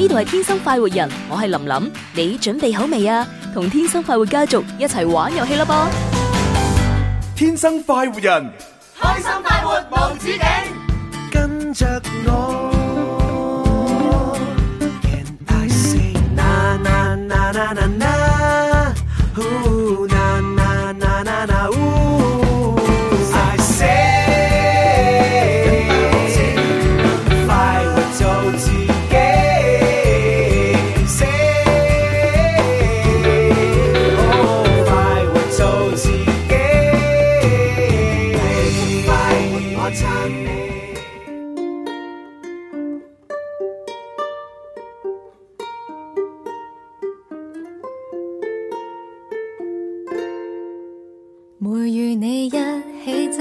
呢度係天生快活人，我係琳琳，你準備好未啊？同天生快活家族一齊玩遊戲啦噃！天生快活人，開心快活無止境，跟着我，大聲吶吶吶吶吶吶。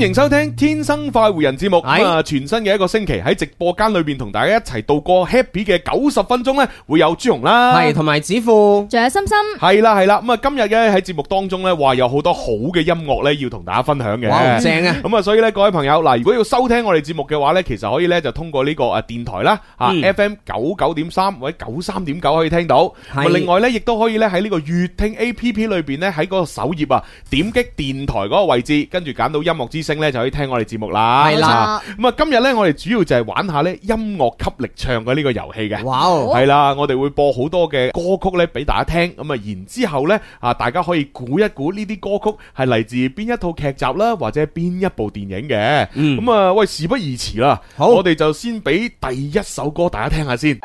歡迎收聽《天生快活人》節目，咁啊全新嘅一個星期喺直播間裏邊同大家一齊度過 Happy 嘅九十分鐘咧，會有朱紅啦，同埋子富，仲有心心，係啦係啦。咁啊今日咧喺節目當中咧話有好多好嘅音樂咧要同大家分享嘅，哇正啊！咁啊所以咧各位朋友嗱，如果要收聽我哋節目嘅話咧，其實可以咧就通過呢個誒電台啦，吓 FM 九九點三或者九三點九可以聽到。另外咧亦都可以咧喺呢個粵聽 A P P 裏邊咧喺嗰個首頁啊點擊電台嗰個位置，跟住揀到音樂資訊。就可以聽我哋節目啦，係啦。咁、嗯、啊，今日呢，我哋主要就係玩下咧音樂吸力唱嘅呢個遊戲嘅，哇、wow、哦，係啦。我哋會播好多嘅歌曲咧俾大家聽，咁啊，然之後咧啊，大家可以估一估呢啲歌曲係嚟自邊一套劇集啦，或者邊一部電影嘅。咁、嗯、啊、嗯，喂，事不宜遲啦，好，我哋就先俾第一首歌大家聽下先。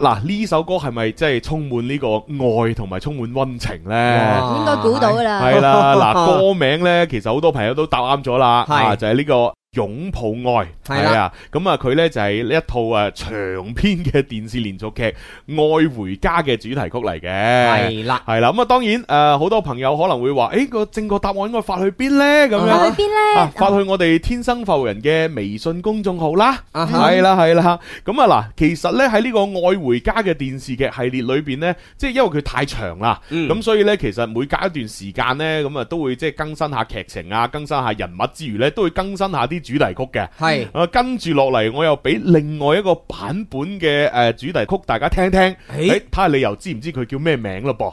嗱，呢首歌係咪真係充滿呢個愛同埋充滿溫情呢？應該估到啦，係啦。嗱，歌名呢，其實好多朋友都答啱咗啦，啊，就係呢個。擁抱愛，係啊，咁啊佢、嗯、呢就係、是、呢一套誒長篇嘅電視連續劇《愛回家》嘅主題曲嚟嘅係啦係啦，咁啊，啊、嗯、當然誒好、呃、多朋友可能會話誒、欸那個正確答案應該發去邊呢？咁、啊、樣發去邊呢、啊？發去我哋天生浮人嘅微信公眾號啦，係啦係啦，咁、嗯、啊嗱、啊啊嗯，其實呢喺呢個《愛回家》嘅電視劇系列裏邊呢，即、就、係、是、因為佢太長啦，咁、嗯嗯、所以呢，其實每隔一段時間呢，咁啊都會即係更新下劇情啊，更新下人物之餘呢，都會更新下啲。主題曲嘅係啊，跟住落嚟我又俾另外一個版本嘅誒主題曲大家聽聽，睇下你又知唔知佢叫咩名嘞噃？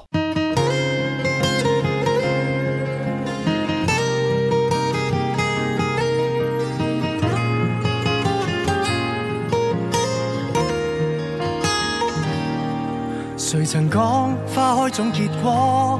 誰曾講花開總結果？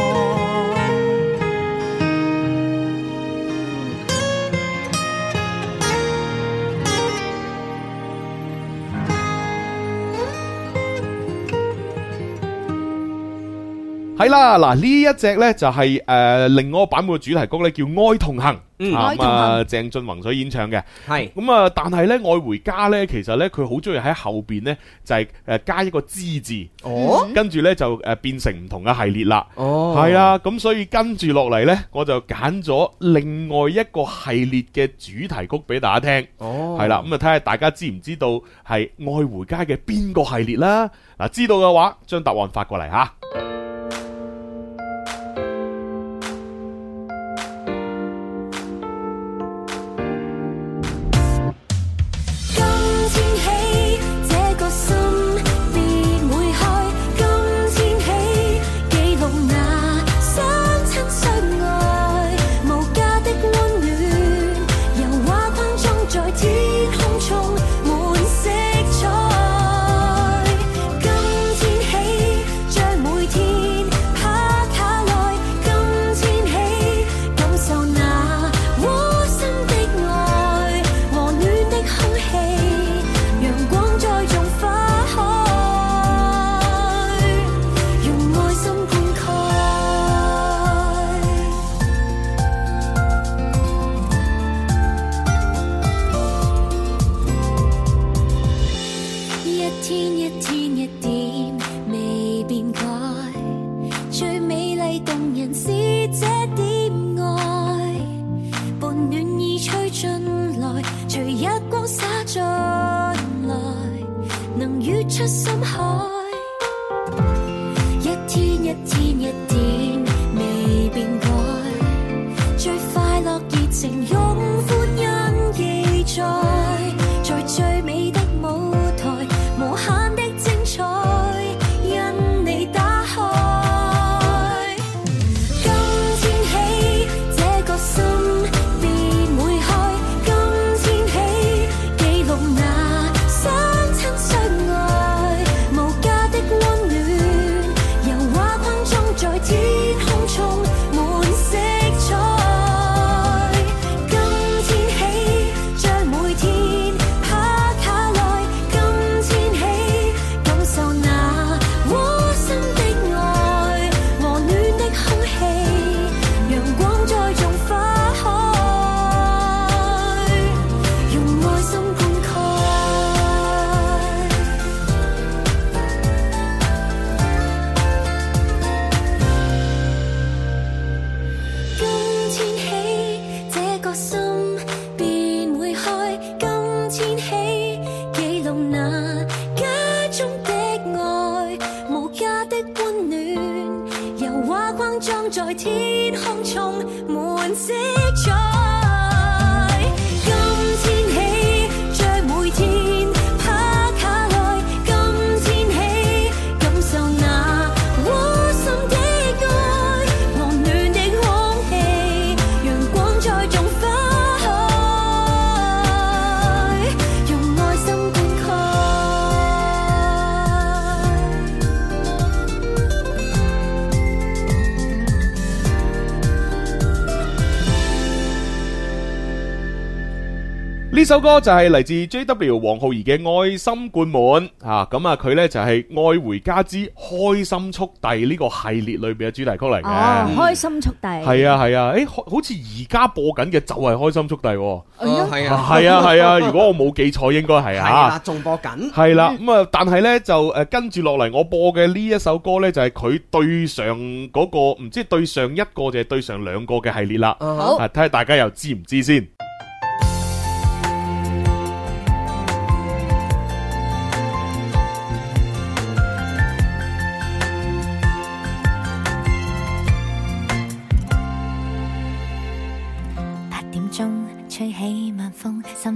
係啦，嗱呢一隻呢就係、是、誒、呃，另外一個版本嘅主題曲呢叫哀、嗯嗯《愛同行》呃，咁啊鄭俊弘所演唱嘅。係咁啊，但係呢《愛回家》呢，其實呢，佢好中意喺後邊呢，就係、是、誒加一個之字，跟住呢就誒變成唔同嘅系列啦。哦，係哦啊，咁所以跟住落嚟呢，我就揀咗另外一個系列嘅主題曲俾大家聽。哦，係啦、啊，咁啊睇下大家知唔知道係《愛回家》嘅邊個系列啦？嗱、啊，知道嘅話，將答案發過嚟吓。這首歌就係嚟自 J.W. 王浩儀嘅《愛心灌滿》啊，咁啊佢、啊、呢就係、是《愛回家之開心速遞》呢、這個系列裏邊嘅主題曲嚟嘅。哦，開心速遞係啊係啊，誒、啊，好似而家播緊嘅就係開心速遞，係啊係啊係啊。如果我冇記錯，應該係啊。係啦，仲播緊。係啦，咁啊，但係呢，就誒跟住落嚟，啊、我播嘅呢一首歌呢，就係、是、佢對上嗰、那個，唔知對上一個定係、就是、對上兩個嘅系列啦。嗯，好。睇、啊、下大家又知唔知先？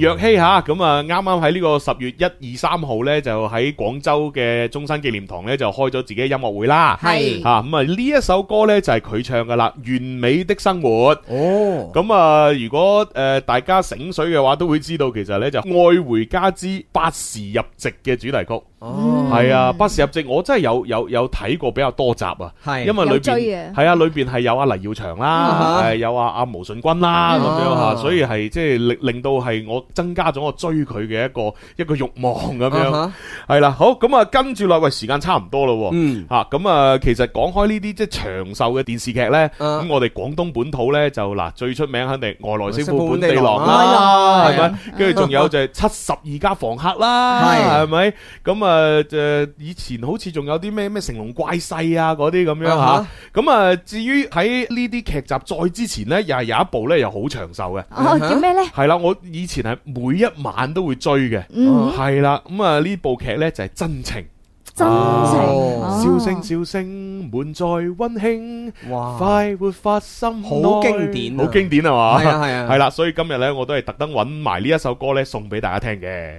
若希咁啊，啱啱喺呢個十月一二三號呢，就喺廣州嘅中山紀念堂呢，就開咗自己音樂會啦。係啊，咁啊呢一首歌呢，就係、是、佢唱噶啦，《完美的生活》。哦，咁、嗯、啊，如果誒、呃、大家醒水嘅話，都會知道其實呢，就《愛回家之八時入席》嘅主題曲。哦、嗯，係啊！八時入席，我真係有有有睇過比較多集啊。係，因為裏邊係啊，裏邊係有阿黎耀祥啦，係、啊、有阿阿毛舜筠啦咁樣吓，所以係即係令令到係我增加咗我追佢嘅一個一個欲望咁樣。係、啊、啦，好咁啊，跟住落喂，時間差唔多咯。嗯，吓、嗯、咁啊，其實講開呢啲即係長壽嘅電視劇咧，咁、啊、我哋廣東本土咧就嗱最出名肯定外來媳婦本地郎啦，係咪？跟住仲有就係七十二家房客啦，係咪？咁啊。誒、呃、以前好似仲有啲咩咩成龍怪世啊嗰啲咁樣吓，咁、uh-huh. 啊至於喺呢啲劇集再之前呢，又係有一部呢又好長壽嘅。叫咩呢？係啦，我以前係每一晚都會追嘅、uh-huh.。嗯，係、啊、啦，咁啊呢部劇呢就係真情。真情。真情啊哦哦、笑聲笑聲滿載溫馨。快活發心。好經典，好經典啊嘛。係啊，啦，所以今日呢，我都係特登揾埋呢一首歌呢，送俾大家聽嘅。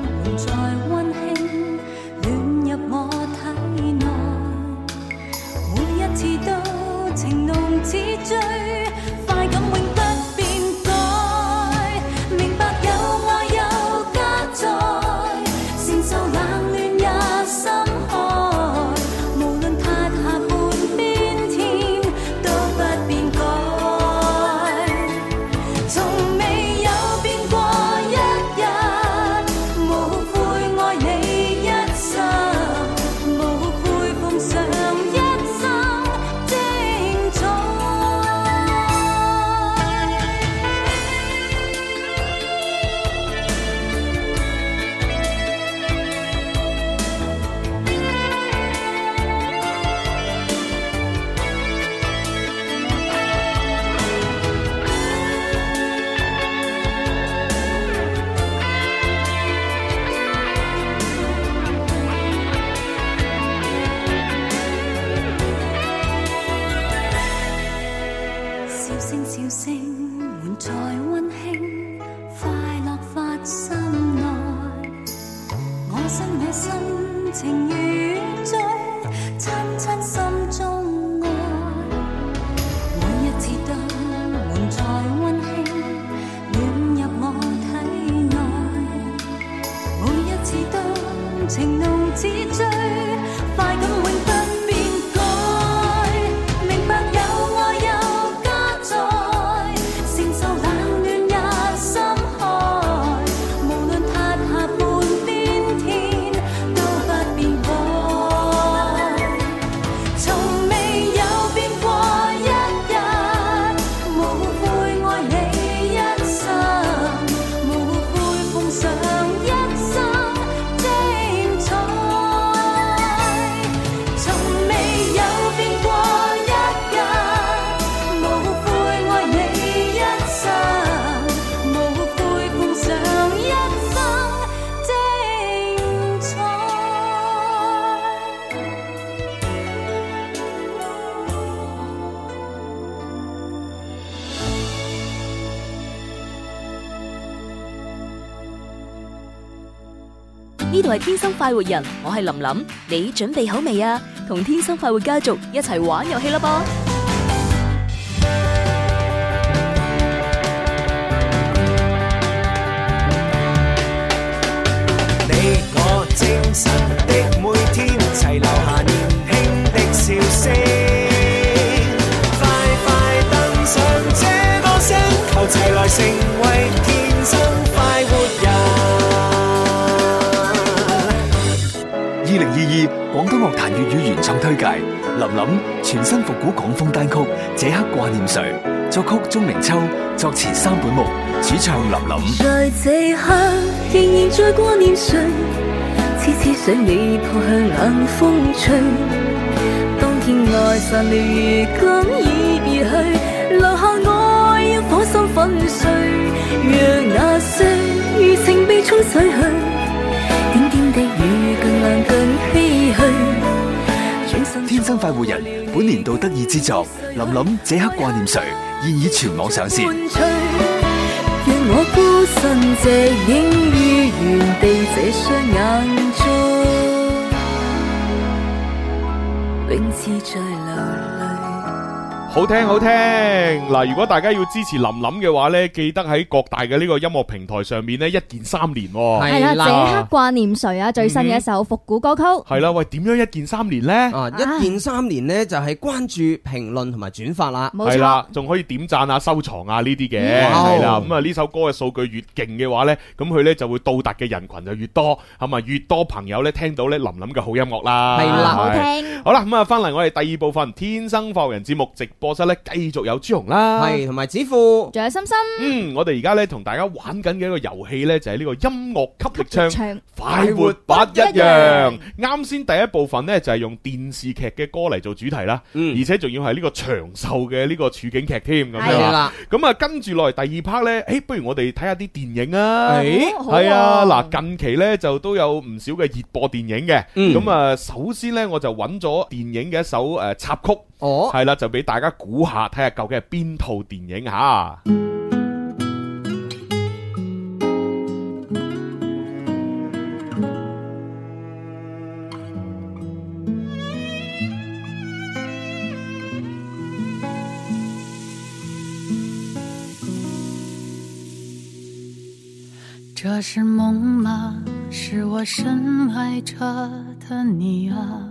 呢度係天生快活人，我係林林，你準備好未啊？同天生快活家族一齊玩遊戲啦噃！你我精神的每天，齊留下年輕的笑聲，快快登上這歌聲，求齊來成。彈粵語原創推介，林林全新復古港風單曲《這刻掛念誰》，作曲鍾明秋，作詞三本木，主唱林林。在這刻仍然在掛念誰，痴痴想你撲向冷風吹。當天愛散了如今已別去，留下我一顆心粉碎。若那些餘情被沖洗去。新快活人本年度得意之作，琳琳，這刻掛念誰，現已全網上線。好聽好聽嗱，如果大家要支持林林嘅話呢，記得喺各大嘅呢個音樂平台上面呢，一鍵三連。係啦，這刻掛念誰啊？最新嘅一首復古歌曲。係啦，喂，點樣一鍵三連呢？啊，一鍵三連呢，就係關注、評論同埋轉發啦。冇錯，仲可以點讚啊、收藏啊呢啲嘅。係、嗯、啦，咁啊呢首歌嘅數據越勁嘅話呢，咁佢呢就會到達嘅人群就越多，咁啊越多朋友呢，聽到呢林林嘅好音樂啦。係啦，好聽。好啦，咁啊翻嚟我哋第二部分，天生放人節目直播室咧，繼續有朱紅啦，係同埋子富，仲有心心。嗯，我哋而家咧同大家玩緊嘅一個遊戲咧，就係呢個音樂接力唱，快活不一樣。啱先第一部分咧，就係用電視劇嘅歌嚟做主題啦，嗯，而且仲要係呢個長壽嘅呢個處境劇添，咁樣啦。咁啊，跟住落嚟第二 part 咧，誒，不如我哋睇下啲電影啊，係啊，嗱，近期咧就都有唔少嘅熱播電影嘅，咁啊，首先咧我就揾咗電影嘅一首誒插曲。哦，係啦，就俾大家估下，睇下究竟係邊套電影吓。這是夢嗎？是我深愛着的你啊！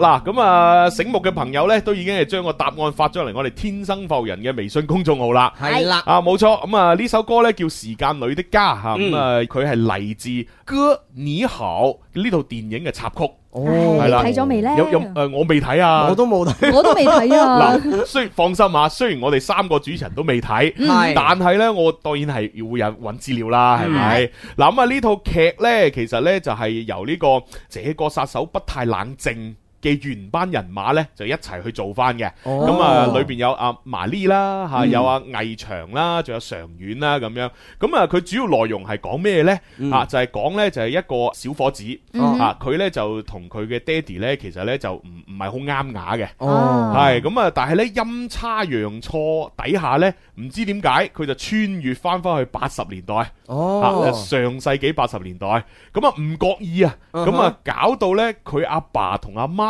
嗱咁、嗯、啊，醒目嘅朋友呢，都已經係將個答案發咗嚟我哋天生浮人嘅微信公眾號啦。係啦、啊嗯，啊冇錯，咁啊呢首歌呢，叫《時間裏的家》，咁啊佢係嚟自《哥，你好》呢套電影嘅插曲。係、哦、啦，睇咗未呢？有有誒、呃，我未睇啊，我都冇睇、啊，我都未睇啊。嗱、啊，雖放心啊，雖然我哋三個主持人都未睇、嗯，但係呢，我當然係會有搵資料啦，係、嗯、咪？嗱咁、嗯、啊呢套劇呢，其實呢，就係由呢個這個殺手不太冷靜。嘅原班人馬咧就一齊去做翻嘅，咁、哦、啊、嗯、裏邊有阿馬麗啦，吓有阿魏翔啦，仲有常遠啦咁樣咁啊佢主要內容係講咩咧？啊就係講咧就係、是、一個小夥子，嗯、啊佢咧就同佢嘅爹哋咧其實咧就唔唔係好啱牙嘅，哦，係咁啊但係咧陰差陽錯底下咧唔知點解佢就穿越翻翻去八十年代，嚇、哦啊、上世紀八十年代，咁啊唔覺意啊，咁啊搞到咧佢阿爸同阿媽。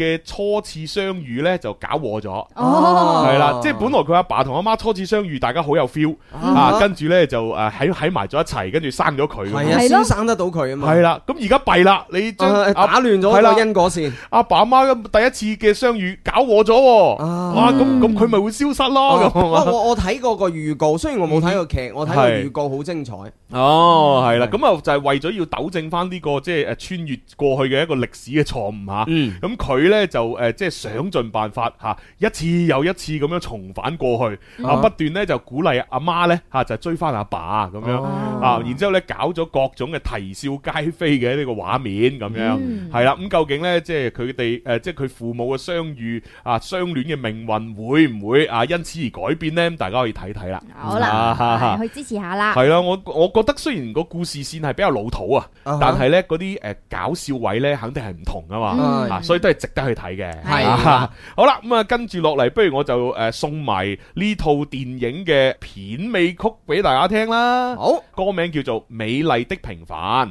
嘅初次相遇咧就搞和咗，係、啊、啦，即係本來佢阿爸同阿媽初次相遇，大家好有 feel 啊，跟住，咧就誒喺喺埋咗一齊，跟住生咗佢，係啊，先生得到佢啊嘛，係啦，咁而家弊啦，你、啊、打亂咗個因果線，阿爸阿媽第一次嘅相遇搞和咗，喎、啊。咁咁佢咪會消失咯咁、啊啊啊啊，我我睇過個預告，雖然我冇睇過劇、嗯，我睇過預告好精彩，哦，係啦，咁啊就係為咗要糾正翻、這、呢個即係誒穿越過去嘅一個歷史嘅錯誤吓，咁、嗯、佢。啊咧就誒，即係想盡辦法吓，一次又一次咁樣重返過去，啊不斷咧就鼓勵阿媽咧吓，就追翻阿爸咁樣啊，然之後咧搞咗各種嘅啼笑皆非嘅呢個畫面咁樣，係、嗯、啦，咁究竟咧即係佢哋誒，即係佢父母嘅相遇啊，相戀嘅命運會唔會啊，因此而改變咧？大家可以睇睇啦，好啦，去支持下啦，係啦，我我覺得雖然個故事線係比較老土啊，但係咧嗰啲誒搞笑位咧，肯定係唔同噶嘛，啊、嗯，所以都係值得。去睇嘅係，好啦，咁、嗯、啊，跟住落嚟，不如我就誒、呃、送埋呢套電影嘅片尾曲俾大家聽啦。好，歌名叫做《美麗的平凡》。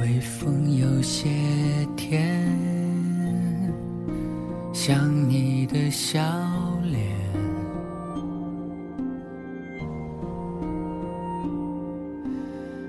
微風有些甜，想你的笑。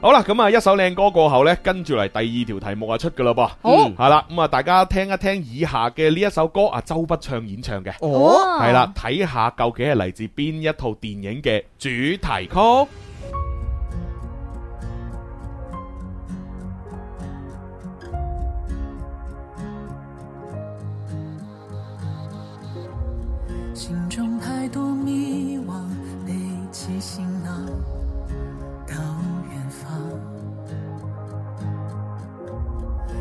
好啦，咁啊，一首靚歌過後呢，跟住嚟，第二條題目啊出噶啦噃，嗯，係啦，咁、嗯、啊，大家聽一聽以下嘅呢一首歌啊，周筆暢演唱嘅，哦係啦，睇下究竟係嚟自邊一套電影嘅主題曲。哦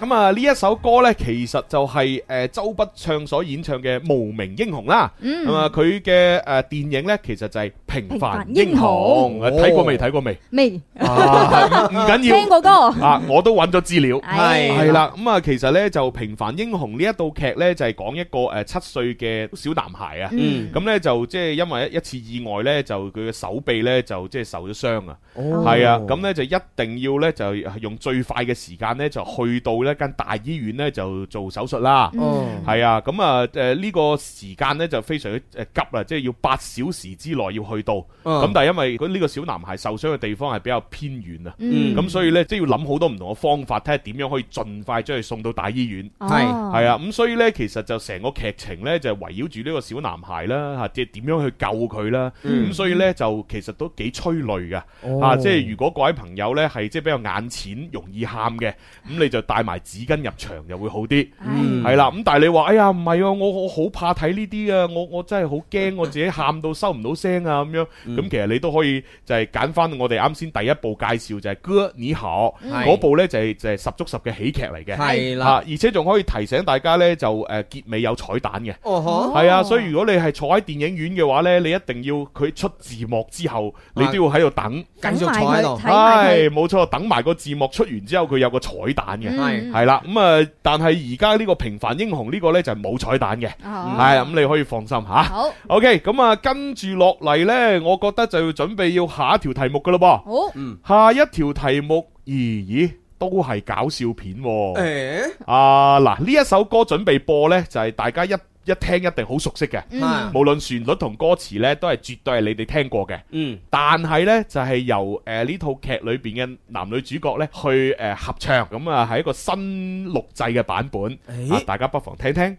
咁啊，呢一首歌咧，其實就係誒周筆暢所演唱嘅《無名英雄》啦。咁啊，佢嘅誒電影咧，其實就係、是。平凡英雄，睇過未？睇、哦、過未？未，唔、啊、緊、啊啊啊、要。哥哥啊，我都揾咗資料，係、哎、係啦。咁啊、嗯，其實咧就平凡英雄呢一套劇咧，就係講一個誒七歲嘅小男孩啊。咁、嗯、咧就即係因為一次意外咧，就佢嘅手臂咧就即係受咗傷、哦、啊。係啊，咁咧就一定要咧就用最快嘅時間咧就去到呢間大醫院咧就做手術啦。哦、嗯，係啊，咁啊誒呢個時間咧就非常之誒急啊，即、就、係、是、要八小時之內要去到。度、嗯、咁，但係因為佢呢個小男孩受傷嘅地方係比較偏遠啊，咁、嗯、所以呢，即、就、係、是、要諗好多唔同嘅方法，睇下點樣可以盡快將佢送到大醫院。係、哦、係啊，咁、嗯、所以呢，其實就成個劇情呢，就係圍繞住呢個小男孩啦，吓即係點樣去救佢啦。咁、嗯嗯嗯、所以呢，就其實都幾催淚嘅，吓即係如果各位朋友呢，係即係比較眼淺容易喊嘅，咁、嗯、你就帶埋紙巾入場就會好啲，係、嗯、啦。咁、啊、但係你話哎呀唔係啊，我我好怕睇呢啲啊，我我真係好驚我自己喊到收唔到聲啊。咁、嗯、咁其實你都可以就係揀翻我哋啱先第一部介紹就係、是《哥，你好》，嗰部呢就係就係十足十嘅喜劇嚟嘅，係啦、啊，而且仲可以提醒大家呢，就誒結尾有彩蛋嘅，係、哦、啊、哦，所以如果你係坐喺電影院嘅話呢，你一定要佢出字幕之後，你都要喺度等，繼、啊、續坐喺度，係冇、哎、錯，等埋個字幕出完之後，佢有個彩蛋嘅，係、嗯、啦，咁啊、嗯，但係而家呢個平凡英雄呢、這個呢，就係冇彩蛋嘅，係、哦、啊，咁、嗯、你可以放心吓、啊。好，OK，咁、嗯、啊，跟住落嚟呢。我覺得就要準備要下一條題目噶咯噃，好、嗯，下一條題目，咦咦，都係搞笑片、啊，誒、欸，啊，嗱，呢一首歌準備播呢就係、是、大家一一聽一定好熟悉嘅、嗯，無論旋律同歌詞呢都係絕對係你哋聽過嘅，嗯，但係呢就係、是、由誒呢、呃、套劇裏邊嘅男女主角咧去誒、呃、合唱，咁啊係一個新錄製嘅版本、欸啊，大家不妨聽聽。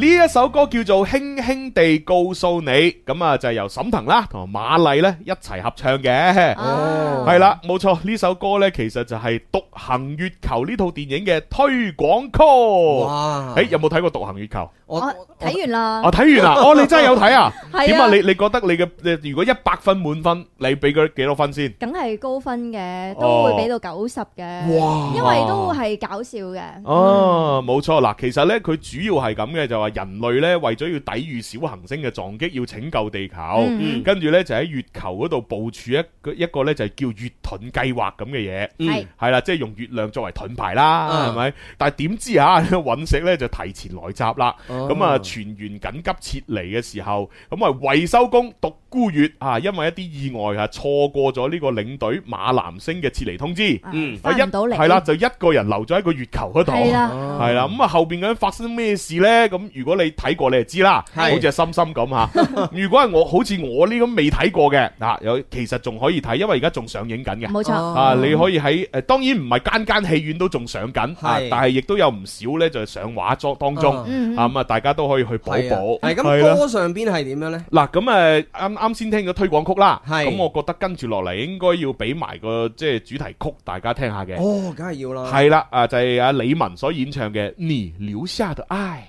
呢一首歌叫做《輕輕地告訴你》，咁啊，就由沈騰啦同埋馬麗咧，一齊合唱嘅。哦，係啦，冇錯，呢首歌呢其實就係《獨行月球》呢套電影嘅推廣曲。誒，有冇睇過《獨行月球》？我睇完啦！我睇完啦、啊啊！哦，你真係有睇啊？點 啊，啊？你你覺得你嘅如果一百分滿分，你俾佢幾多分先？梗係高分嘅，都會俾到九十嘅。哇、哦！因為都係搞笑嘅。哦，冇錯啦。其實呢，佢主要係咁嘅，就話人類呢，為咗要抵御小行星嘅撞擊，要拯救地球，嗯、跟住呢，就喺月球嗰度部署一個一個呢就叫月盾計劃咁嘅嘢。係係啦，即係、就是、用月亮作為盾牌啦，係、嗯、咪？但係點知啊，隕石呢，就提前來襲啦。嗯咁、嗯、啊，全員緊急撤離嘅時候，咁啊，維修工獨孤月啊，因為一啲意外啊，錯過咗呢個領隊馬藍星嘅撤離通知。嗯，到係啦，就一個人留咗喺個月球嗰度。係、啊啊、啦，咁、嗯、啊，後邊咁樣發生咩事咧？咁如果你睇過，你就知啦。好似係心心咁吓。 如果係我，好似我呢咁未睇過嘅，啊，有其實仲可以睇，因為而家仲上映緊嘅。冇錯。啊、嗯，你可以喺誒，當然唔係間間戲院都仲上緊，啊但係亦都有唔少咧就係、上畫作當中。嗯。咁啊。嗯大家都可以去補補。係咁歌上邊係點樣呢？嗱咁誒，啱啱先聽個推廣曲啦。係咁，我覺得跟住落嚟應該要俾埋個即係主題曲，大家聽下嘅。哦，梗係要啦。係啦，啊就係阿李玟所演唱嘅《你留下的愛》。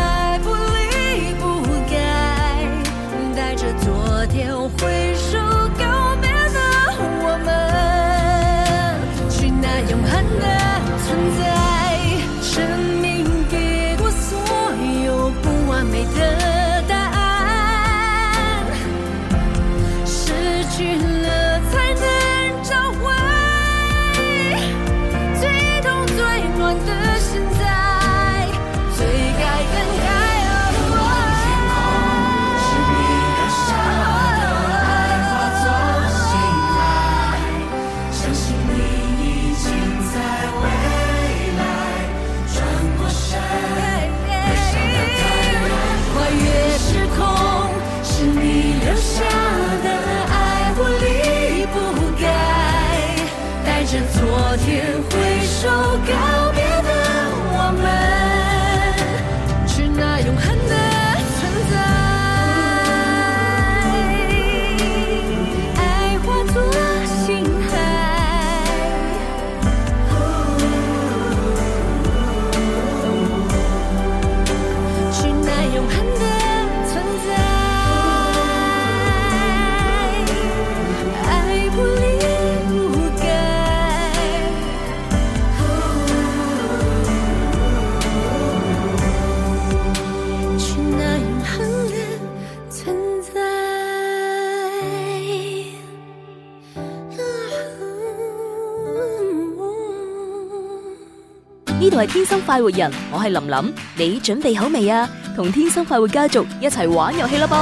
天生快活人，我係林林，你準備好未啊？同天生快活家族一齊玩遊戲啦噃！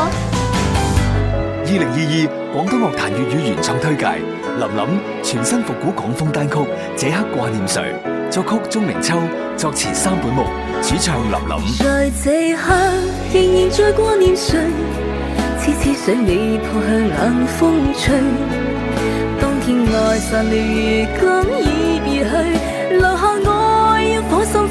二零二二廣東樂壇粵語原創推介，林林全新復古港風單曲《這刻掛念誰》，作曲鍾明秋，作詞三本木，主唱林林。在這刻仍然在掛念誰，痴痴想你撲向冷風吹，當天愛散了，如今已別去，留下。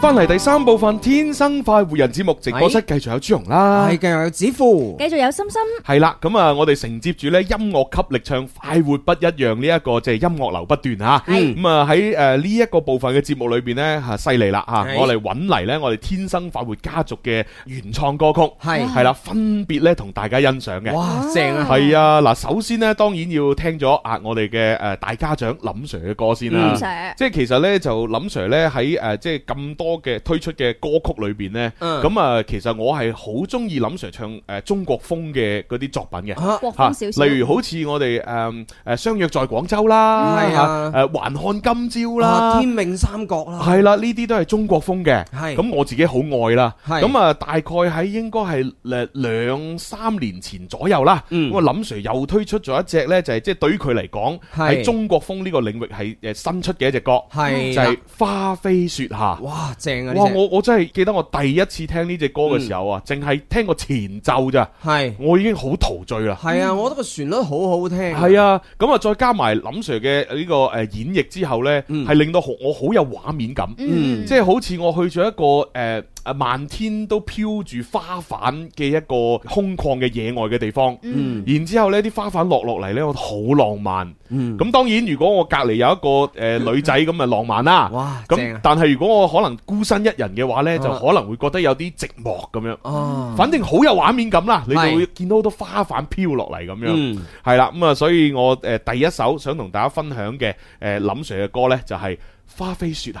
翻嚟第三部分《天生快活人》節目，直播室繼續有朱紅啦，係繼續有子富，繼續有心心，係啦。咁啊，我哋承接住咧音樂級力唱快活不一樣呢一個即係音樂流不斷吓，咁啊喺誒呢一個部分嘅節目裏邊咧吓犀利啦吓，我嚟搵嚟咧我哋天生快活家族嘅原創歌曲係係啦，分別咧同大家欣賞嘅。哇，正啊！係啊，嗱，首先咧當然要聽咗阿我哋嘅誒大家長林 Sir 嘅歌先啦。林 Sir，即係其實咧就林 Sir 咧喺誒即係咁多。歌嘅推出嘅歌曲裏邊咧，咁啊，其實我係好中意林 Sir 唱誒中國風嘅嗰啲作品嘅，吓，例如好似我哋誒誒相約在廣州啦，係啊，誒還看今朝啦，天命三國啦，係啦，呢啲都係中國風嘅，係，咁我自己好愛啦，係，咁啊，大概喺應該係誒兩三年前左右啦，咁啊，林 Sir 又推出咗一隻咧，就係即係對佢嚟講喺中國風呢個領域係誒新出嘅一隻歌，係，就係花飛雪下，哇！正啊、哇，我我真係記得我第一次聽呢隻歌嘅時候啊，淨係、嗯、聽個前奏咋，是我已經好陶醉啦。係啊，嗯、我覺得個旋律好好聽。係啊，咁啊再加埋林 Sir 嘅呢個誒演繹之後呢，係、嗯、令到我好有畫面感，嗯、即係好似我去咗一個誒、呃啊、漫天都飄住花瓣嘅一個空曠嘅野外嘅地方，嗯、然之後呢啲花瓣落落嚟呢，我好浪漫。咁、嗯、當然，如果我隔籬有一個誒、呃、女仔咁啊浪漫啦、啊。哇！啊、但係如果我可能孤身一人嘅話呢，就可能會覺得有啲寂寞咁樣、啊。反正好有畫面感啦，你就會見到好多花瓣飄落嚟咁樣。係、嗯、啦，咁啊，所以我誒、呃、第一首想同大家分享嘅誒、呃、林 sir 嘅歌呢，就係、是《花飛雪下》。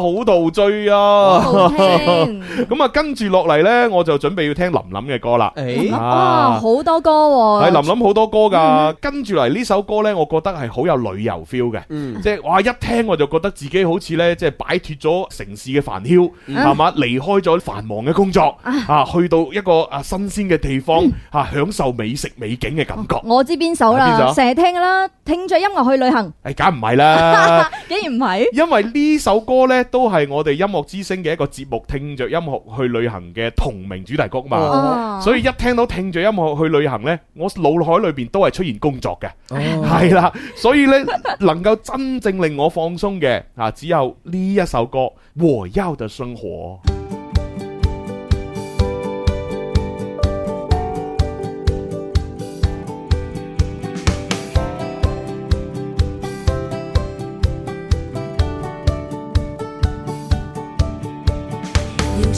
好陶醉啊！咁啊，跟住落嚟呢，我就準備要聽林林嘅歌啦。哇、欸，好、哦、多歌係、啊、林林好多歌噶、嗯。跟住嚟呢首歌呢，我覺得係好有旅遊 feel 嘅。即、嗯、係、就是、哇，一聽我就覺得自己好似呢，即係擺脫咗城市嘅煩囂，係、嗯、嘛，離開咗繁忙嘅工作啊、嗯，去到一個啊新鮮嘅地方啊、嗯，享受美食美景嘅感覺。我知邊首啦，成日聽噶啦，聽着音樂去旅行。誒，梗唔係啦，竟然唔係，因為呢首歌呢。都係我哋音樂之聲嘅一個節目，聽着音樂去旅行嘅同名主題曲嘛。哦、所以一聽到聽着音樂去旅行呢，我腦海裏邊都係出現工作嘅，係啦、哦。所以呢，能夠真正令我放鬆嘅啊，只有呢一首歌《和優 的生活》。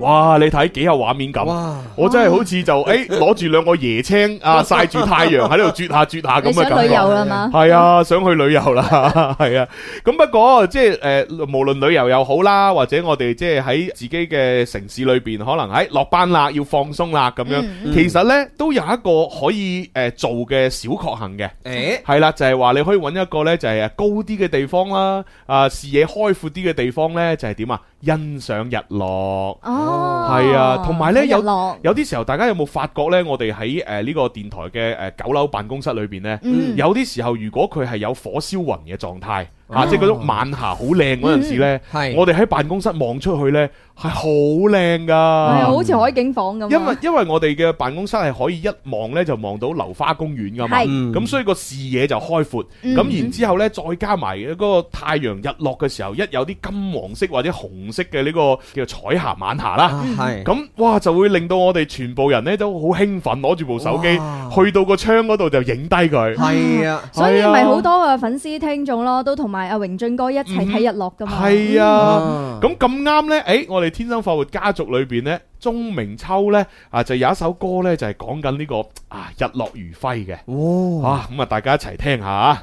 哇！你睇幾有畫面感。我真係好似就誒攞住兩個椰青啊，曬住 太陽喺度啜下啜下咁嘅感覺。想旅遊啦嘛，係 啊，想去旅遊啦，係 啊。咁不過即係誒，無論旅遊又好啦，或者我哋即係喺自己嘅城市裏面，可能喺、哎、落班啦，要放鬆啦咁樣。嗯嗯，其實呢，都有一個可以做嘅小確幸嘅。誒係啦，就係、是、話你可以揾一個呢，就係高啲嘅地方啦，啊視野開闊啲嘅地方呢，就係點啊？欣賞日落。哦，係啊，同埋呢日落。有。有啲時候，大家有冇發覺呢？我哋喺誒呢個電台嘅誒、呃、九樓辦公室裏邊呢，嗯、有啲時候如果佢係有火燒雲嘅狀態。啊！即係嗰種晚霞好靚陣時咧，嗯嗯，我哋喺辦公室望出去咧係好靚噶，係好似海景房咁。因為因為我哋嘅辦公室係可以一望咧就望到流花公園噶嘛，咁是、嗯、所以個視野就開闊，咁、嗯、然之後咧，再加埋個太陽日落嘅時候，一有啲金黃色或者紅色嘅呢個叫彩霞晚霞啦。咁、啊、哇就會令到我哋全部人咧都好興奮，攞住部手機哇去到個窗度就影低佢。係啊，所以咪好多啊粉絲聽眾咯，都同埋。係阿榮俊哥一齊睇日落噶嘛，嗯？係啊，咁咁啱呢，誒、欸，我哋天生復活家族裏邊呢，鍾明秋呢，啊，就有一首歌呢，就係講緊呢個啊日落如輝嘅。哇，咁啊，大家一齊聽一下。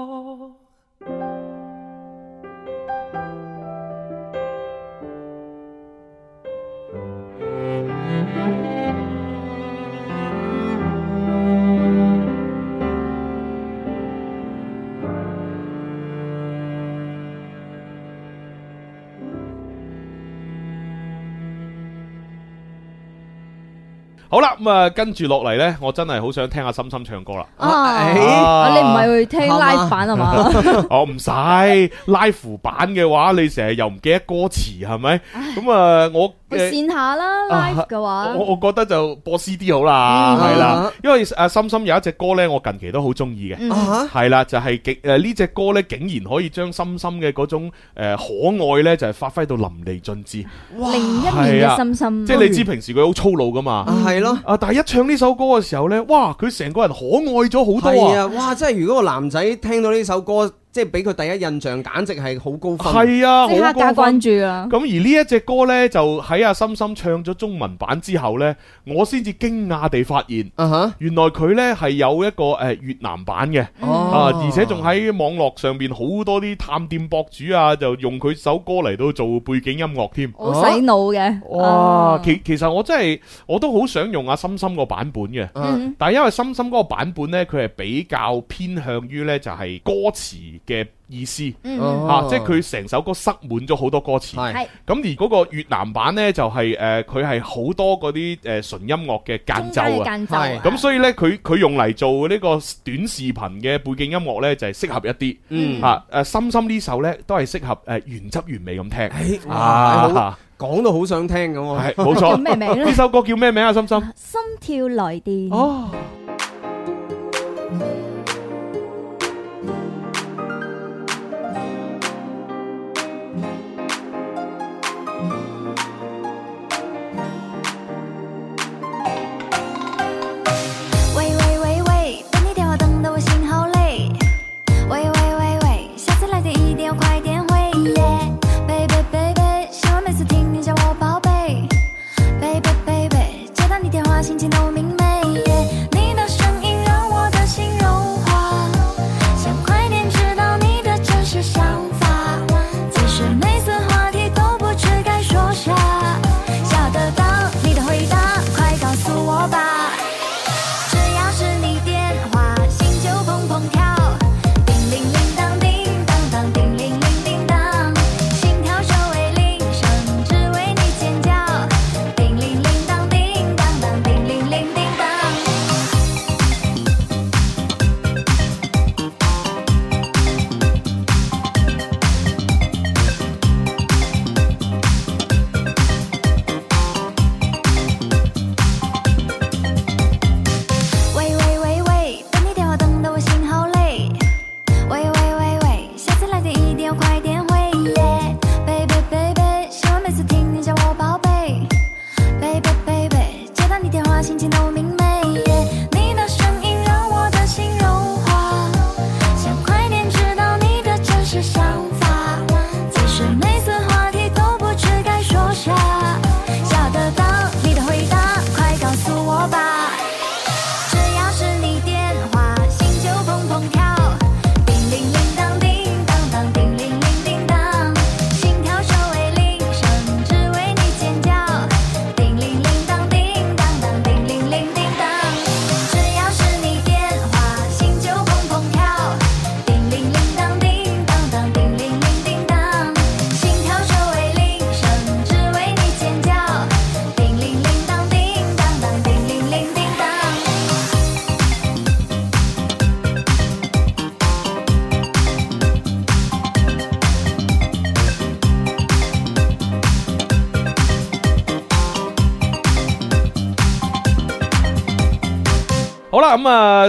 好啦，咁、嗯、啊，跟住落嚟呢我真係好想聽阿心心唱歌啦、啊哎。啊，你唔係會聽 live 版啊嘛？我唔使 live 版嘅話，你成日又唔記得歌詞係咪？咁啊、嗯呃，我。線、嗯、下啦，live 嘅話，我我覺得就播 C D 好啦，係啦，因為阿心心有一隻歌呢，我近期都好中意嘅，係啦、嗯嗯啊，就係極誒呢隻歌呢，竟然可以將心心嘅嗰種誒、呃、可愛呢，就係、是、發揮到淋漓盡致。哇！另一面嘅心心，即係你知平時佢好粗魯噶嘛，係咯，啊但係一唱呢首歌嘅時候呢，哇佢成個人可愛咗好多啊，啊！哇，即係如果個男仔聽到呢首歌。即係俾佢第一印象，簡直係好高，啊、高分，係啊，即刻加關注啊！咁而呢一隻歌呢，就喺阿心心唱咗中文版之後呢，我先至驚訝地發現，原來佢呢係有一個越南版嘅，啊、嗯，而且仲喺網絡上面好多啲探店博主啊，就用佢首歌嚟到做背景音樂添，好洗腦嘅、啊。哇！其其實我真係我都好想用阿心心個版本嘅、嗯，但係因為心心嗰個版本呢，佢係比較偏向於呢就係歌詞。嘅意思嚇，即係佢成首歌塞滿咗好多歌詞。咁而嗰個越南版咧，就係誒，佢係好多嗰啲誒純音樂嘅間奏啊。係咁，所以咧佢佢用嚟做呢個短視頻嘅背景音樂咧，就係適合一啲嚇。誒，心心呢首咧都係適合誒原汁原味咁聽。誒啊，講到好想聽咁喎。係冇錯。叫咩名咧？呢首歌叫咩名啊？心心心跳來電。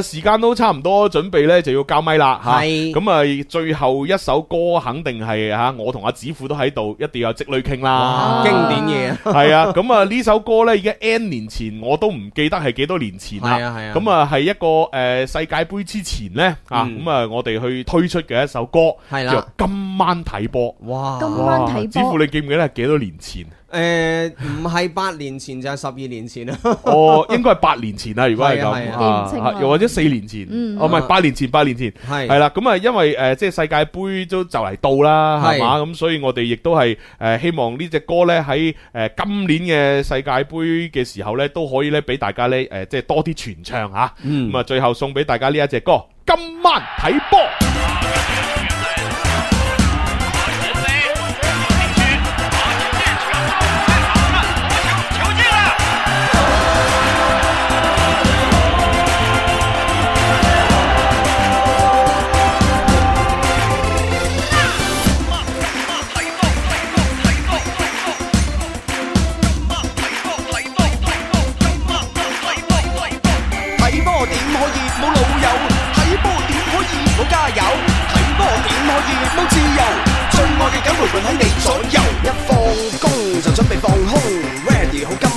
時間都差唔多，準備咧就要交咪啦吓。咁啊，最後一首歌肯定係吓、啊，我同阿子富都喺度，一定要有積類傾啦哇。經典嘢係 啊，咁啊呢首歌咧已經 N 年前，我都唔記得係幾多年前啦。係啊咁啊係、啊、一個誒、呃、世界杯之前咧啊，咁、嗯、啊我哋去推出嘅一首歌，就、啊、叫今晚睇波。哇！今晚睇波，子富你記唔記得係幾多年前？誒、呃，唔係八年前就係十二年前啦、 哦啊啊嗯。哦，應該係八年前啦，如果係咁，又或者四年前，哦唔係八年前，八年前係係啦。咁啊，因為誒、呃、即係世界杯都就嚟到啦，係嘛，咁、嗯、所以我哋亦都係誒希望這呢隻歌咧喺誒今年嘅世界杯嘅時候咧都可以咧俾大家咧誒、呃、即係多啲全唱吓、啊。咁、嗯、啊，最後送俾大家呢一隻歌，今晚睇波。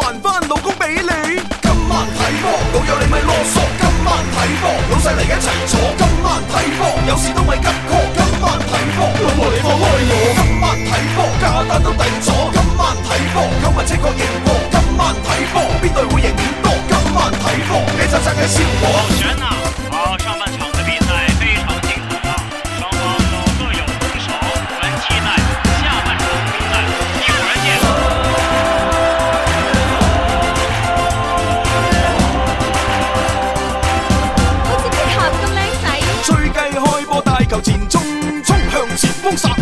還返老公畀你今晚睇波，老友你咪囉嗦。今晚睇波，老細嚟嘅一齊坐。今晚睇波，有事都咪急迫。今晚睇波，老婆你放開我。今晚睇波，加單都定咗。今晚睇波，購物車確認過。今晚睇波，邊隊會贏面多。今晚睇波，今晚睇波，你就真係笑我。我、哦。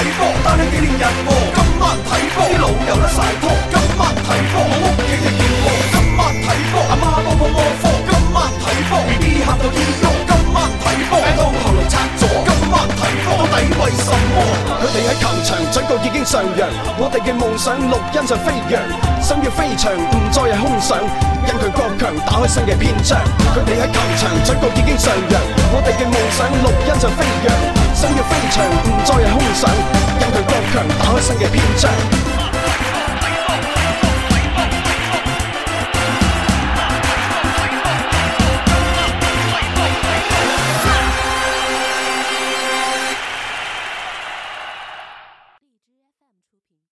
睇波，單卿紀念日今晚睇波，啲老游得晒拖。今晚睇波，我屋企嘅節目。今晚睇波，阿媽播放歌科。今晚睇波，B B 喊到依郁。今晚睇波喺 D 頭顱拆咗。今晚睇波，到底為什麼？佢哋喺球場嘴角已經上揚，我哋嘅夢想錄音就飛揚，心要飛翔，唔再係空想。因佢國強，打開新嘅篇章。佢哋喺球場嘴角已經上揚，我哋嘅夢想錄音就飛揚。新嘅飛翔，唔再有空想，有對更強，打開新嘅篇章。